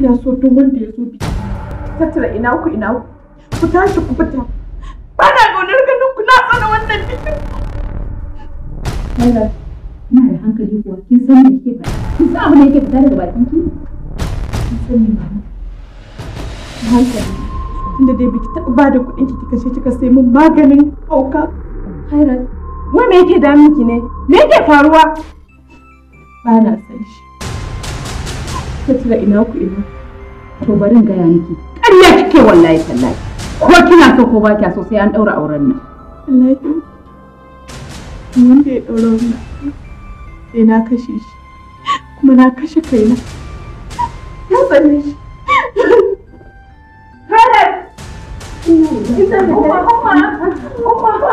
ina so duk wanda ya zo biki tattara ina ku ina ku ku tashi ku fita ba na gaunar ganin ku na tsara wannan bikin Allah ina da hankali kuwa kin san me kike faɗa kin san abin da yake fita daga bakin ki kin san me ba hankali tunda dai biki taɓa ba da kuɗin ki kika ce kika sai mun maganin hauka Khairat wai me yake damin ki ne me yake faruwa ba na san shi Fatila ina ku ina. To bari in gaya miki. Ƙarya kike wallahi tallahi. Ko kina so ko ba kya so sai an ɗaura auren nan. Wallahi. ya ɗaura wannan sai na kashe shi. Kuma na